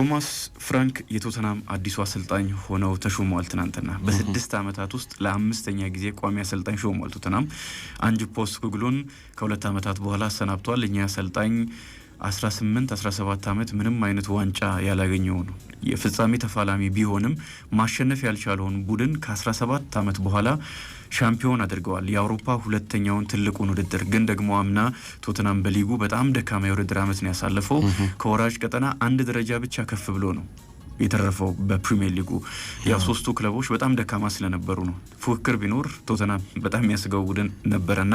ቶማስ ፍራንክ የቶተናም አዲሱ አሰልጣኝ ሆነው ተሾመዋል። ትናንትና በስድስት ዓመታት ውስጥ ለአምስተኛ ጊዜ ቋሚ አሰልጣኝ ሾመዋል። ቶተናም አንጅ ፖስት ኩግሉን ከሁለት ዓመታት በኋላ አሰናብቷል። እኛ አሰልጣኝ 18 17 ዓመት ምንም አይነት ዋንጫ ያላገኘው ነው። የፍጻሜ ተፋላሚ ቢሆንም ማሸነፍ ያልቻለውን ቡድን ከ17 ዓመት በኋላ ሻምፒዮን አድርገዋል። የአውሮፓ ሁለተኛውን ትልቁን ውድድር ግን ደግሞ አምና ቶትናም በሊጉ በጣም ደካማ የውድድር ዓመት ነው ያሳለፈው። ከወራጅ ቀጠና አንድ ደረጃ ብቻ ከፍ ብሎ ነው የተረፈው በፕሪሚየር ሊጉ ያው ሶስቱ ክለቦች በጣም ደካማ ስለነበሩ ነው። ፉክክር ቢኖር ቶተናም በጣም የሚያስገው ቡድን ነበረና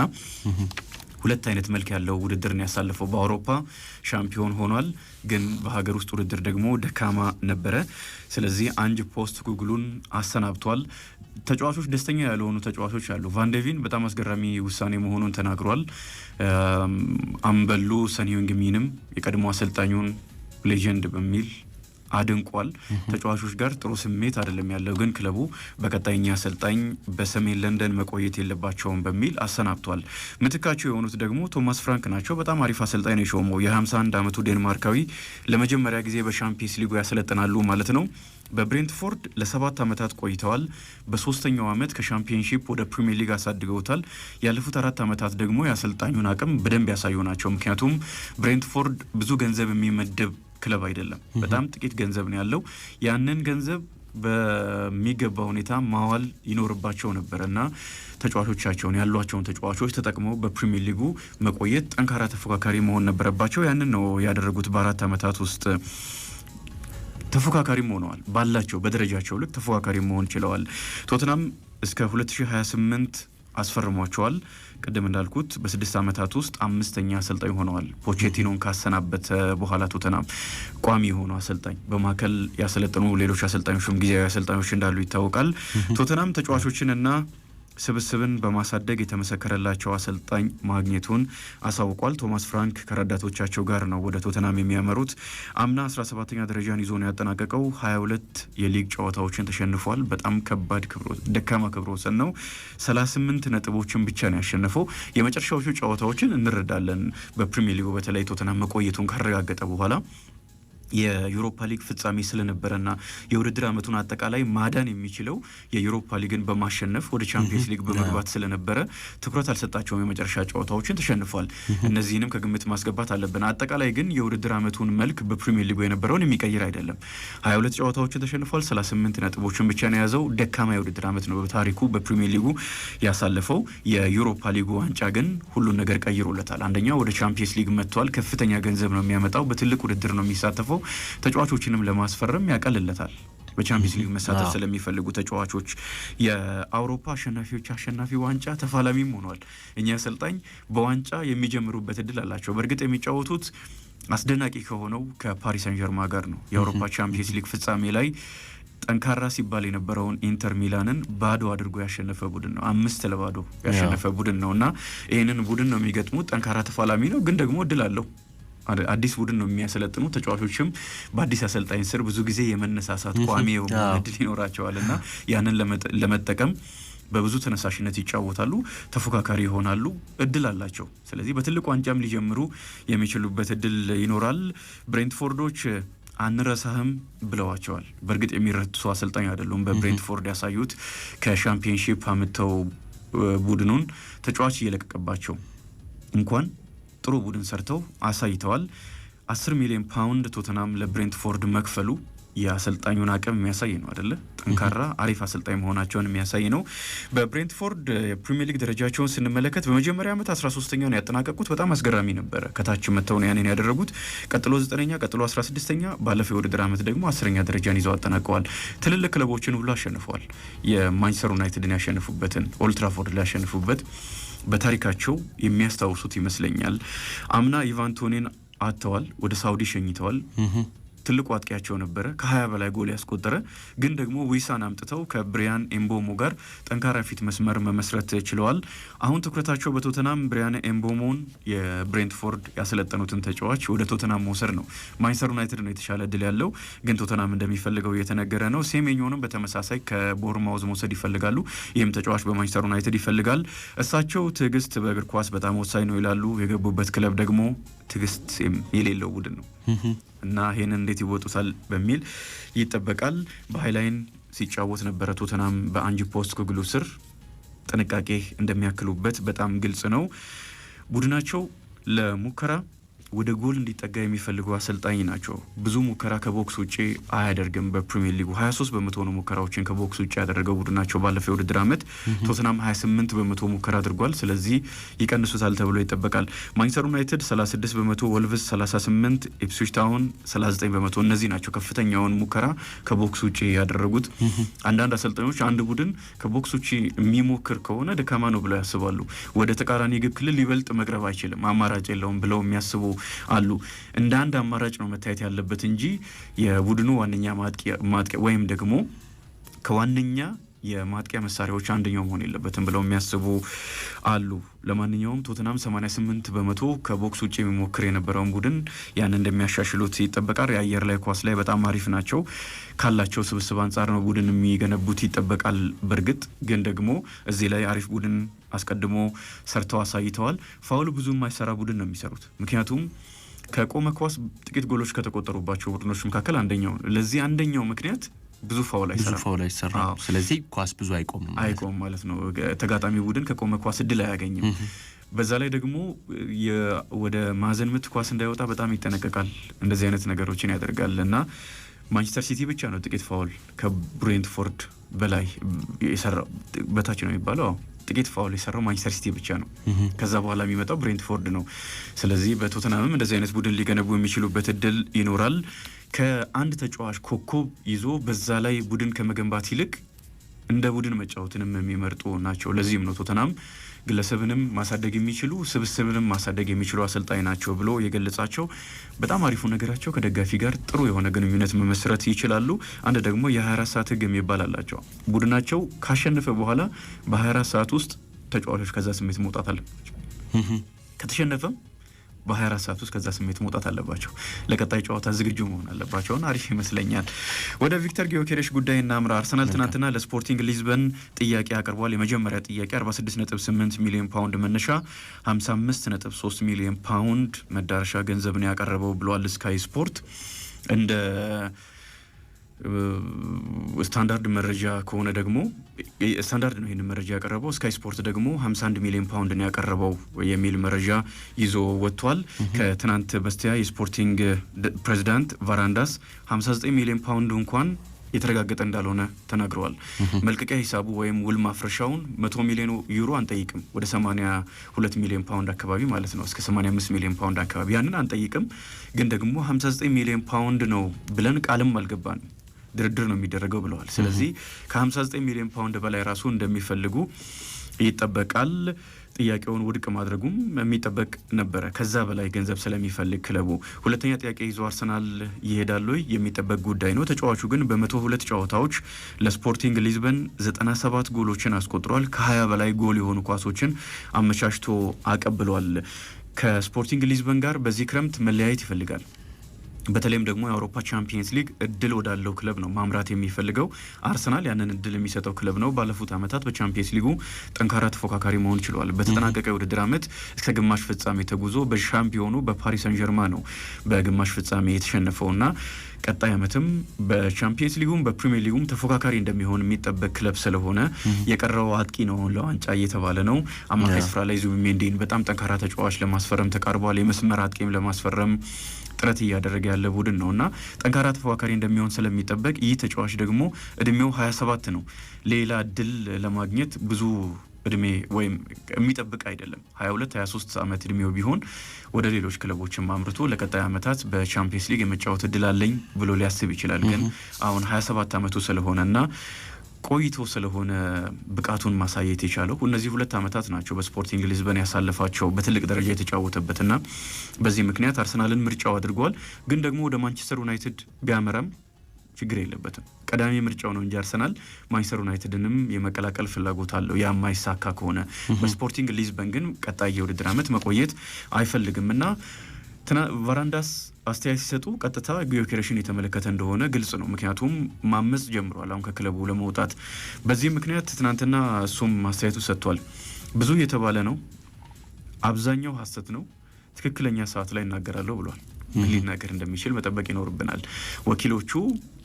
ሁለት አይነት መልክ ያለው ውድድርን ያሳለፈው በአውሮፓ ሻምፒዮን ሆኗል፣ ግን በሀገር ውስጥ ውድድር ደግሞ ደካማ ነበረ። ስለዚህ አንጅ ፖስት ጉግሉን አሰናብቷል። ተጫዋቾች ደስተኛ ያልሆኑ ተጫዋቾች አሉ። ቫንደቪን በጣም አስገራሚ ውሳኔ መሆኑን ተናግሯል። አምበሉ ሰን ሄንግሚንም የቀድሞ አሰልጣኙን ሌጀንድ በሚል አድንቋል። ተጫዋቾች ጋር ጥሩ ስሜት አይደለም ያለው፣ ግን ክለቡ በቀጣይኛ አሰልጣኝ በሰሜን ለንደን መቆየት የለባቸውም በሚል አሰናብቷል። ምትካቸው የሆኑት ደግሞ ቶማስ ፍራንክ ናቸው። በጣም አሪፍ አሰልጣኝ ነው የሾመው። የ51 ዓመቱ ዴንማርካዊ ለመጀመሪያ ጊዜ በሻምፒየንስ ሊጉ ያሰለጥናሉ ማለት ነው። በብሬንትፎርድ ለሰባት ዓመታት ቆይተዋል። በሶስተኛው ዓመት ከሻምፒየንሺፕ ወደ ፕሪሚየር ሊግ አሳድገውታል። ያለፉት አራት ዓመታት ደግሞ የአሰልጣኙን አቅም በደንብ ያሳዩ ናቸው። ምክንያቱም ብሬንትፎርድ ብዙ ገንዘብ የሚመደብ ክለብ አይደለም። በጣም ጥቂት ገንዘብ ነው ያለው። ያንን ገንዘብ በሚገባ ሁኔታ ማዋል ይኖርባቸው ነበር እና ተጫዋቾቻቸውን ያሏቸውን ተጫዋቾች ተጠቅመው በፕሪሚየር ሊጉ መቆየት ጠንካራ ተፎካካሪ መሆን ነበረባቸው። ያንን ነው ያደረጉት። በአራት ዓመታት ውስጥ ተፎካካሪም ሆነዋል። ባላቸው በደረጃቸው ልክ ተፎካካሪ መሆን ችለዋል። ቶትናም እስከ 2028 አስፈርሟቸዋል። ቅድም እንዳልኩት በስድስት ዓመታት ውስጥ አምስተኛ አሰልጣኝ ሆነዋል። ፖቼቲኖን ካሰናበተ በኋላ ቶተናም ቋሚ የሆኑ አሰልጣኝ በማዕከል ያሰለጠኑ ሌሎች አሰልጣኞችም ጊዜያዊ አሰልጣኞች እንዳሉ ይታወቃል። ቶተናም ተጫዋቾችንና ስብስብን በማሳደግ የተመሰከረላቸው አሰልጣኝ ማግኘቱን አሳውቋል። ቶማስ ፍራንክ ከረዳቶቻቸው ጋር ነው ወደ ቶተናም የሚያመሩት። አምና 17ኛ ደረጃን ይዞ ነው ያጠናቀቀው። 22 የሊግ ጨዋታዎችን ተሸንፏል። በጣም ከባድ ደካማ ክብረ ወሰን ነው። 38 ነጥቦችን ብቻ ነው ያሸነፈው። የመጨረሻዎቹ ጨዋታዎችን እንረዳለን። በፕሪሚየር ሊጉ በተለይ ቶተናም መቆየቱን ካረጋገጠ በኋላ የዩሮፓ ሊግ ፍጻሜ ስለነበረና የውድድር ዓመቱን አጠቃላይ ማዳን የሚችለው የዩሮፓ ሊግን በማሸነፍ ወደ ቻምፒየንስ ሊግ በመግባት ስለነበረ ትኩረት አልሰጣቸውም። የመጨረሻ ጨዋታዎችን ተሸንፏል። እነዚህንም ከግምት ማስገባት አለብን። አጠቃላይ ግን የውድድር ዓመቱን መልክ በፕሪሚየር ሊጉ የነበረውን የሚቀይር አይደለም። 22 ጨዋታዎችን ተሸንፏል። 38 ነጥቦችን ብቻ ነው የያዘው። ደካማ የውድድር ዓመት ነው በታሪኩ በፕሪሚየር ሊጉ ያሳለፈው። የዩሮፓ ሊጉ ዋንጫ ግን ሁሉን ነገር ቀይሮለታል። አንደኛ ወደ ቻምፒየንስ ሊግ መጥቷል። ከፍተኛ ገንዘብ ነው የሚያመጣው። በትልቅ ውድድር ነው የሚሳተፈው። ተጫዋቾችንም ለማስፈረም ያቀልለታል። በቻምፒየንስ ሊግ መሳተፍ ስለሚፈልጉ ተጫዋቾች የአውሮፓ አሸናፊዎች አሸናፊ ዋንጫ ተፋላሚም ሆኗል። እኛ አሰልጣኝ በዋንጫ የሚጀምሩበት እድል አላቸው። በእርግጥ የሚጫወቱት አስደናቂ ከሆነው ከፓሪስ አንጀርማ ጋር ነው። የአውሮፓ ቻምፒየንስ ሊግ ፍጻሜ ላይ ጠንካራ ሲባል የነበረውን ኢንተር ሚላንን ባዶ አድርጎ ያሸነፈ ቡድን ነው። አምስት ለባዶ ያሸነፈ ቡድን ነው እና ይህንን ቡድን ነው የሚገጥሙት። ጠንካራ ተፋላሚ ነው፣ ግን ደግሞ እድል አለው። አዲስ ቡድን ነው የሚያሰለጥኑ ተጫዋቾችም በአዲስ አሰልጣኝ ስር ብዙ ጊዜ የመነሳሳት ቋሚ እድል ይኖራቸዋል እና ያንን ለመጠቀም በብዙ ተነሳሽነት ይጫወታሉ፣ ተፎካካሪ ይሆናሉ፣ እድል አላቸው። ስለዚህ በትልቅ ዋንጫም ሊጀምሩ የሚችሉበት እድል ይኖራል። ብሬንትፎርዶች አንረሳህም ብለዋቸዋል። በእርግጥ የሚረሱ አሰልጣኝ አይደሉም። በብሬንትፎርድ ያሳዩት ከሻምፒዮንሺፕ አምጥተው ቡድኑን ተጫዋች እየለቀቀባቸው እንኳን ጥሩ ቡድን ሰርተው አሳይተዋል። 10 ሚሊዮን ፓውንድ ቶተናም ለብሬንትፎርድ መክፈሉ የአሰልጣኙን አቅም የሚያሳይ ነው አደለ? ጠንካራ አሪፍ አሰልጣኝ መሆናቸውን የሚያሳይ ነው። በብሬንትፎርድ የፕሪሚየር ሊግ ደረጃቸውን ስንመለከት በመጀመሪያ ዓመት 13ኛውን ያጠናቀቁት በጣም አስገራሚ ነበረ። ከታች መጥተው ነው ያንን ያደረጉት። ቀጥሎ 9ኛ፣ ቀጥሎ 16ኛ፣ ባለፈው የውድድር ዓመት ደግሞ 10ኛ ደረጃን ይዘው አጠናቀዋል። ትልልቅ ክለቦችን ሁሉ አሸንፈዋል። የማንቸስተር ዩናይትድን ያሸንፉበትን ኦልትራፎርድ ሊያሸንፉበት ያሸንፉበት በታሪካቸው የሚያስታውሱት ይመስለኛል። አምና ኢቫንቶኔን አጥተዋል፣ ወደ ሳውዲ ሸኝተዋል። ትልቁ አጥቂያቸው ነበረ። ከ20 በላይ ጎል ያስቆጠረ ግን ደግሞ ዊሳን አምጥተው ከብሪያን ኤምቦሞ ጋር ጠንካራ ፊት መስመር መመስረት ችለዋል። አሁን ትኩረታቸው በቶተናም ብሪያን ኤምቦሞን የብሬንትፎርድ ያሰለጠኑትን ተጫዋች ወደ ቶተናም መውሰድ ነው። ማንቸስተር ዩናይትድ ነው የተሻለ እድል ያለው፣ ግን ቶተናም እንደሚፈልገው እየተነገረ ነው። ሴሜኞንም በተመሳሳይ ከቦርማውዝ መውሰድ ይፈልጋሉ። ይህም ተጫዋች በማንቸስተር ዩናይትድ ይፈልጋል። እሳቸው ትዕግስት በእግር ኳስ በጣም ወሳኝ ነው ይላሉ። የገቡበት ክለብ ደግሞ ትዕግስት የሌለው ቡድን ነው። እና ይህንን እንዴት ይወጡታል በሚል ይጠበቃል። በሀይላይን ሲጫወት ነበረ ቶተናም በአንጅ ፖስት ኮግሉ ስር ጥንቃቄ እንደሚያክሉበት በጣም ግልጽ ነው። ቡድናቸው ለሙከራ ወደ ጎል እንዲጠጋ የሚፈልጉ አሰልጣኝ ናቸው። ብዙ ሙከራ ከቦክስ ውጭ አያደርግም። በፕሪሚየር ሊጉ 23 በመቶ ነው ሙከራዎችን ከቦክስ ውጭ ያደረገው ቡድን ናቸው። ባለፈው የውድድር ዓመት ቶትናም 28 በመቶ ሙከራ አድርጓል። ስለዚህ ይቀንሱታል ተብሎ ይጠበቃል። ማንቸስተር ዩናይትድ 36 በመቶ፣ ወልቭስ 38፣ ኢፕስዊች ታውን 39 በመቶ። እነዚህ ናቸው ከፍተኛውን ሙከራ ከቦክስ ውጭ ያደረጉት። አንዳንድ አሰልጣኞች አንድ ቡድን ከቦክስ ውጭ የሚሞክር ከሆነ ደካማ ነው ብለው ያስባሉ። ወደ ተቃራኒ ግብ ክልል ሊበልጥ መቅረብ አይችልም፣ አማራጭ የለውም ብለው የሚያስቡ አሉ። እንደ አንድ አማራጭ ነው መታየት ያለበት እንጂ የቡድኑ ዋነኛ ማጥቂያ ወይም ደግሞ ከዋነኛ የማጥቂያ መሳሪያዎች አንደኛው መሆን የለበትም ብለው የሚያስቡ አሉ። ለማንኛውም ቶትናም 88 በመቶ ከቦክስ ውጭ የሚሞክር የነበረውን ቡድን ያን እንደሚያሻሽሉት ይጠበቃል። የአየር ላይ ኳስ ላይ በጣም አሪፍ ናቸው ካላቸው ስብስብ አንጻር ነው ቡድን የሚገነቡት ይጠበቃል። በእርግጥ ግን ደግሞ እዚህ ላይ አሪፍ ቡድን አስቀድሞ ሰርተው አሳይተዋል። ፋውል ብዙ የማይሰራ ቡድን ነው የሚሰሩት ምክንያቱም ከቆመ ኳስ ጥቂት ጎሎች ከተቆጠሩባቸው ቡድኖች መካከል አንደኛው። ለዚህ አንደኛው ምክንያት ብዙ ፋውል አይሰራም። ስለዚህ ኳስ ብዙ አይቆምም አይቆምም ማለት ነው። ተጋጣሚ ቡድን ከቆመ ኳስ እድል አያገኝም። በዛ ላይ ደግሞ ወደ ማዕዘን ምት ኳስ እንዳይወጣ በጣም ይጠነቀቃል። እንደዚህ አይነት ነገሮችን ያደርጋል እና ማንቸስተር ሲቲ ብቻ ነው ጥቂት ፋውል ከብሬንትፎርድ በላይ በታች ነው የሚባለው። ጥቂት ፋውል የሰራው ማንቸስተር ሲቲ ብቻ ነው። ከዛ በኋላ የሚመጣው ብሬንትፎርድ ነው። ስለዚህ በቶተናምም እንደዚህ አይነት ቡድን ሊገነቡ የሚችሉበት እድል ይኖራል። ከአንድ ተጫዋች ኮከብ ይዞ በዛ ላይ ቡድን ከመገንባት ይልቅ እንደ ቡድን መጫወትንም የሚመርጡ ናቸው። ለዚህም ነው ቶተናም ግለሰብንም ማሳደግ የሚችሉ ስብስብንም ማሳደግ የሚችሉ አሰልጣኝ ናቸው ብሎ የገለጻቸው። በጣም አሪፉ ነገራቸው ከደጋፊ ጋር ጥሩ የሆነ ግንኙነት መመስረት ይችላሉ። አንድ ደግሞ የ24 ሰዓት ህግ የሚባል አላቸው። ቡድናቸው ካሸነፈ በኋላ በ24 ሰዓት ውስጥ ተጫዋቾች ከዛ ስሜት መውጣት አለባቸው። ከተሸነፈም በ24 ሰዓት ውስጥ ከዛ ስሜት መውጣት አለባቸው። ለቀጣይ ጨዋታ ዝግጁ መሆን አለባቸውና አሪፍ ይመስለኛል። ወደ ቪክተር ጊዮኬሬሽ ጉዳይ እናምራ። አርሰናል ትናንትና ለስፖርቲንግ ሊዝበን ጥያቄ አቅርቧል። የመጀመሪያ ጥያቄ 46.8 ሚሊዮን ፓውንድ መነሻ 55.3 ሚሊዮን ፓውንድ መዳረሻ ገንዘብ ነው ያቀረበው ብለዋል ስካይ ስፖርት እንደ ስታንዳርድ መረጃ ከሆነ ደግሞ ስታንዳርድ ነው ይህንን መረጃ ያቀረበው። ስካይ ስፖርት ደግሞ 51 ሚሊዮን ፓውንድ ነው ያቀረበው የሚል መረጃ ይዞ ወጥቷል። ከትናንት በስቲያ የስፖርቲንግ ፕሬዚዳንት ቫራንዳስ 59 ሚሊዮን ፓውንድ እንኳን የተረጋገጠ እንዳልሆነ ተናግረዋል። መልቀቂያ ሂሳቡ ወይም ውል ማፍረሻውን መቶ ሚሊዮን ዩሮ አንጠይቅም፣ ወደ 82 ሚሊዮን ፓውንድ አካባቢ ማለት ነው እስከ 85 ሚሊዮን ፓውንድ አካባቢ ያንን አንጠይቅም፣ ግን ደግሞ 59 ሚሊዮን ፓውንድ ነው ብለን ቃልም አልገባንም። ድርድር ነው የሚደረገው ብለዋል። ስለዚህ ከ59 ሚሊዮን ፓውንድ በላይ ራሱ እንደሚፈልጉ ይጠበቃል። ጥያቄውን ውድቅ ማድረጉም የሚጠበቅ ነበረ። ከዛ በላይ ገንዘብ ስለሚፈልግ ክለቡ ሁለተኛ ጥያቄ ይዞ አርሰናል ይሄዳሉ የሚጠበቅ ጉዳይ ነው። ተጫዋቹ ግን በመቶ ሁለት ጨዋታዎች ለስፖርቲንግ ሊዝበን 97 ጎሎችን አስቆጥሯል። ከ20 በላይ ጎል የሆኑ ኳሶችን አመቻችቶ አቀብሏል። ከስፖርቲንግ ሊዝበን ጋር በዚህ ክረምት መለያየት ይፈልጋል። በተለይም ደግሞ የአውሮፓ ቻምፒየንስ ሊግ እድል ወዳለው ክለብ ነው ማምራት የሚፈልገው አርሰናል ያንን እድል የሚሰጠው ክለብ ነው። ባለፉት ዓመታት በቻምፒየንስ ሊጉ ጠንካራ ተፎካካሪ መሆን ችሏል። በተጠናቀቀ የውድድር ዓመት እስከ ግማሽ ፍጻሜ ተጉዞ በሻምፒዮኑ በፓሪስ ሰንጀርማ ነው በግማሽ ፍጻሜ የተሸነፈውና ቀጣይ ዓመትም በቻምፒየንስ ሊጉም በፕሪሚየር ሊጉም ተፎካካሪ እንደሚሆን የሚጠበቅ ክለብ ስለሆነ የቀረው አጥቂ ነው ለዋንጫ እየተባለ ነው። አማካይ ስፍራ ላይ ዙቢሜንዲን በጣም ጠንካራ ተጫዋች ለማስፈረም ተቃርቧል። የመስመር አጥቂም ለማስፈረም ጥረት እያደረገ ያለ ቡድን ነው እና ጠንካራ ተፎካካሪ እንደሚሆን ስለሚጠበቅ ይህ ተጫዋች ደግሞ እድሜው 27 ነው። ሌላ እድል ለማግኘት ብዙ እድሜ ወይም የሚጠብቅ አይደለም። 22 23 ዓመት እድሜው ቢሆን ወደ ሌሎች ክለቦችም አምርቶ ለቀጣይ ዓመታት በቻምፒየንስ ሊግ የመጫወት እድል አለኝ ብሎ ሊያስብ ይችላል። ግን አሁን 27 ዓመቱ ስለሆነ እና ቆይቶ ስለሆነ ብቃቱን ማሳየት የቻለው እነዚህ ሁለት ዓመታት ናቸው በስፖርቲንግ ሊዝበን ያሳለፋቸው በትልቅ ደረጃ የተጫወተበትና በዚህ ምክንያት አርሰናልን ምርጫው አድርጓል። ግን ደግሞ ወደ ማንቸስተር ዩናይትድ ቢያመራም ችግር የለበትም። ቀዳሚ ምርጫው ነው እንጂ አርሰናል ማንቸስተር ዩናይትድንም የመቀላቀል ፍላጎት አለው። ያ የማይሳካ ከሆነ በስፖርቲንግ ሊዝበን ግን ቀጣይ የውድድር ዓመት መቆየት አይፈልግም እና ቫራንዳስ አስተያየት ሲሰጡ ቀጥታ ጊዮኬሬሽን የተመለከተ እንደሆነ ግልጽ ነው። ምክንያቱም ማመጽ ጀምሯል አሁን ከክለቡ ለመውጣት። በዚህ ምክንያት ትናንትና እሱም አስተያየቱ ሰጥቷል። ብዙ እየተባለ ነው፣ አብዛኛው ሀሰት ነው፣ ትክክለኛ ሰዓት ላይ እናገራለሁ ብሏል። ምን ሊናገር እንደሚችል መጠበቅ ይኖርብናል። ወኪሎቹ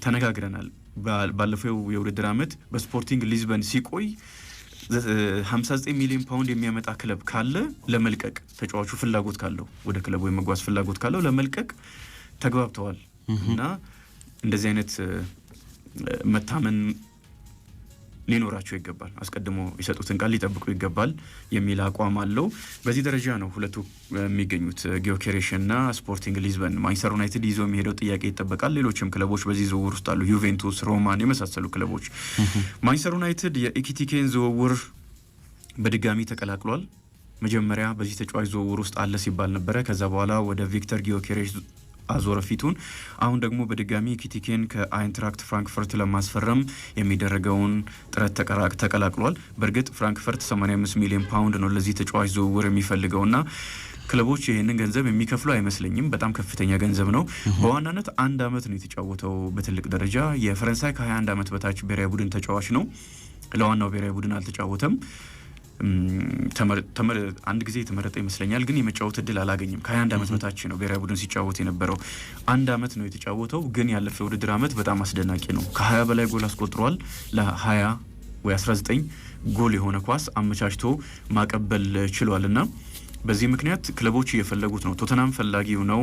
ተነጋግረናል። ባለፈው የውድድር ዓመት በስፖርቲንግ ሊዝበን ሲቆይ 59 ሚሊዮን ፓውንድ የሚያመጣ ክለብ ካለ ለመልቀቅ ተጫዋቹ ፍላጎት ካለው ወደ ክለቡ የመጓዝ ፍላጎት ካለው ለመልቀቅ ተግባብተዋል እና እንደዚህ አይነት መታመን ሊኖራቸው ይገባል፣ አስቀድሞ የሰጡትን ቃል ሊጠብቁ ይገባል የሚል አቋም አለው። በዚህ ደረጃ ነው ሁለቱ የሚገኙት ጊዮኬሬሽ እና ስፖርቲንግ ሊዝበን። ማንቸስተር ዩናይትድ ይዞ የሚሄደው ጥያቄ ይጠበቃል። ሌሎችም ክለቦች በዚህ ዝውውር ውስጥ አሉ፣ ዩቬንቱስ፣ ሮማን የመሳሰሉ ክለቦች። ማንቸስተር ዩናይትድ የኢኪቲኬን ዝውውር በድጋሚ ተቀላቅሏል። መጀመሪያ በዚህ ተጫዋች ዝውውር ውስጥ አለ ሲባል ነበረ። ከዛ በኋላ ወደ ቪክተር ጊዮኬሬሽ አዞረ ፊቱን። አሁን ደግሞ በድጋሚ ኪቲኬን ከአይንትራክት ፍራንክፈርት ለማስፈረም የሚደረገውን ጥረት ተቀላቅሏል። በእርግጥ ፍራንክፈርት 85 ሚሊዮን ፓውንድ ነው ለዚህ ተጫዋች ዝውውር የሚፈልገውና ክለቦች ይህንን ገንዘብ የሚከፍሉ አይመስለኝም። በጣም ከፍተኛ ገንዘብ ነው። በዋናነት አንድ አመት ነው የተጫወተው በትልቅ ደረጃ። የፈረንሳይ ከ21 አመት በታች ብሔራዊ ቡድን ተጫዋች ነው። ለዋናው ብሔራዊ ቡድን አልተጫወተም። አንድ ጊዜ የተመረጠ ይመስለኛል፣ ግን የመጫወት እድል አላገኝም። ከ21 ዓመት በታች ነው ብሔራዊ ቡድን ሲጫወት የነበረው። አንድ ዓመት ነው የተጫወተው፣ ግን ያለፈ ውድድር ዓመት በጣም አስደናቂ ነው። ከ20 በላይ ጎል አስቆጥሯል። ለ20 ወይ 19 ጎል የሆነ ኳስ አመቻችቶ ማቀበል ችሏል እና በዚህ ምክንያት ክለቦች እየፈለጉት ነው። ቶተናም ፈላጊው ነው።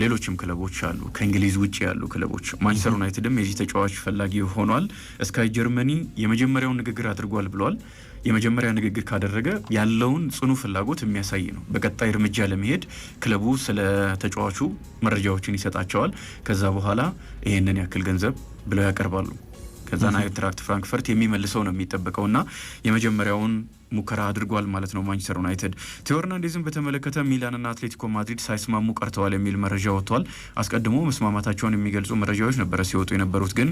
ሌሎችም ክለቦች አሉ፣ ከእንግሊዝ ውጭ ያሉ ክለቦች። ማንቸስተር ዩናይትድም የዚህ ተጫዋች ፈላጊ ሆኗል። እስካይ ጀርመኒ የመጀመሪያውን ንግግር አድርጓል ብሏል። የመጀመሪያ ንግግር ካደረገ ያለውን ጽኑ ፍላጎት የሚያሳይ ነው። በቀጣይ እርምጃ ለመሄድ ክለቡ ስለ ተጫዋቹ መረጃዎችን ይሰጣቸዋል። ከዛ በኋላ ይሄንን ያክል ገንዘብ ብለው ያቀርባሉ። ከዛና አይንትራክት ፍራንክፈርት የሚመልሰው ነው የሚጠበቀው እና የመጀመሪያውን ሙከራ አድርጓል ማለት ነው ማንቸስተር ዩናይትድ። ቴዎ ሄርናንዴዝን በተመለከተ ሚላንና አትሌቲኮ ማድሪድ ሳይስማሙ ቀርተዋል የሚል መረጃ ወጥቷል። አስቀድሞ መስማማታቸውን የሚገልጹ መረጃዎች ነበረ ሲወጡ የነበሩት ግን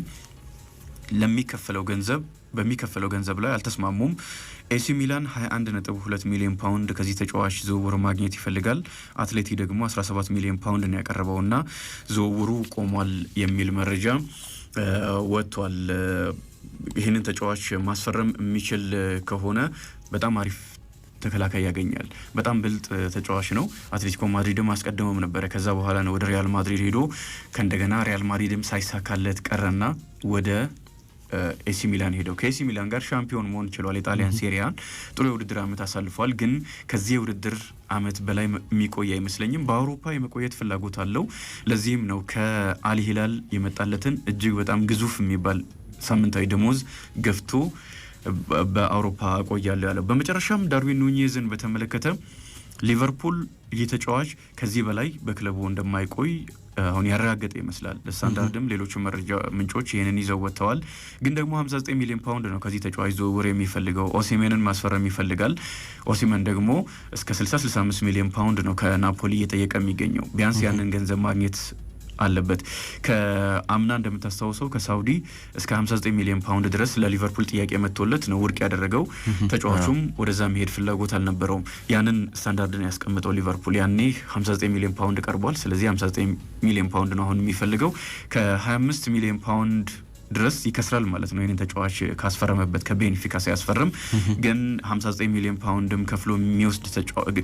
ለሚከፈለው ገንዘብ በሚከፈለው ገንዘብ ላይ አልተስማሙም። ኤሲ ሚላን 21.2 ሚሊዮን ፓውንድ ከዚህ ተጫዋች ዝውውር ማግኘት ይፈልጋል። አትሌቲ ደግሞ 17 ሚሊዮን ፓውንድ ነው ያቀረበውና ዝውውሩ ቆሟል የሚል መረጃ ወጥቷል። ይህንን ተጫዋች ማስፈረም የሚችል ከሆነ በጣም አሪፍ ተከላካይ ያገኛል። በጣም ብልጥ ተጫዋች ነው። አትሌቲኮ ማድሪድም አስቀድመም ነበረ። ከዛ በኋላ ነው ወደ ሪያል ማድሪድ ሄዶ ከእንደገና ሪያል ማድሪድም ሳይሳካለት ቀረና ወደ ኤሲ ሚላን ሄደው ከኤሲ ሚላን ጋር ሻምፒዮን መሆን ችሏል። የጣሊያን ሴሪያን ጥሩ የውድድር ዓመት አሳልፏል። ግን ከዚህ የውድድር አመት በላይ የሚቆይ አይመስለኝም። በአውሮፓ የመቆየት ፍላጎት አለው። ለዚህም ነው ከአልሂላል የመጣለትን እጅግ በጣም ግዙፍ የሚባል ሳምንታዊ ደሞዝ ገፍቶ በአውሮፓ እቆያለሁ ያለው። በመጨረሻም ዳርዊን ኑኝዝን በተመለከተ ሊቨርፑል ይህ ተጫዋች ከዚህ በላይ በክለቡ እንደማይቆይ አሁን ያረጋገጠ ይመስላል። ስታንዳርድም ሌሎቹ መረጃ ምንጮች ይህንን ይዘው ወጥተዋል። ግን ደግሞ 59 ሚሊዮን ፓውንድ ነው ከዚህ ተጫዋች ዝውውር የሚፈልገው። ኦሲሜንን ማስፈረም ይፈልጋል። ኦሲሜን ደግሞ እስከ 60 65 ሚሊዮን ፓውንድ ነው ከናፖሊ እየጠየቀ የሚገኘው። ቢያንስ ያንን ገንዘብ ማግኘት አለበት። ከአምና እንደምታስታውሰው ከሳውዲ እስከ 59 ሚሊዮን ፓውንድ ድረስ ለሊቨርፑል ጥያቄ መጥቶለት ነው ውድቅ ያደረገው። ተጫዋቹም ወደዛ መሄድ ፍላጎት አልነበረውም። ያንን ስታንዳርድን ያስቀምጠው ሊቨርፑል ያኔ 59 ሚሊዮን ፓውንድ ቀርቧል። ስለዚህ 59 ሚሊዮን ፓውንድ ነው አሁን የሚፈልገው ከ25 ሚሊዮን ፓውንድ ድረስ ይከስራል ማለት ነው። ይህን ተጫዋች ካስፈረመበት ከቤኒፊካ ሲያስፈርም ግን 59 ሚሊዮን ፓውንድም ከፍሎ የሚወስድ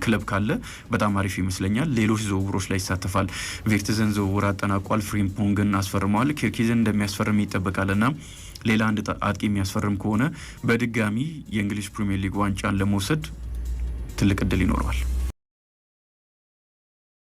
ክለብ ካለ በጣም አሪፍ ይመስለኛል። ሌሎች ዝውውሮች ላይ ይሳተፋል። ቬርትዘን ዝውውር አጠናቋል። ፍሪምፖንግን አስፈርመዋል። ኪርኪዝን እንደሚያስፈርም ይጠበቃል እና ሌላ አንድ አጥቂ የሚያስፈርም ከሆነ በድጋሚ የእንግሊዝ ፕሪምየር ሊግ ዋንጫን ለመውሰድ ትልቅ እድል ይኖረዋል።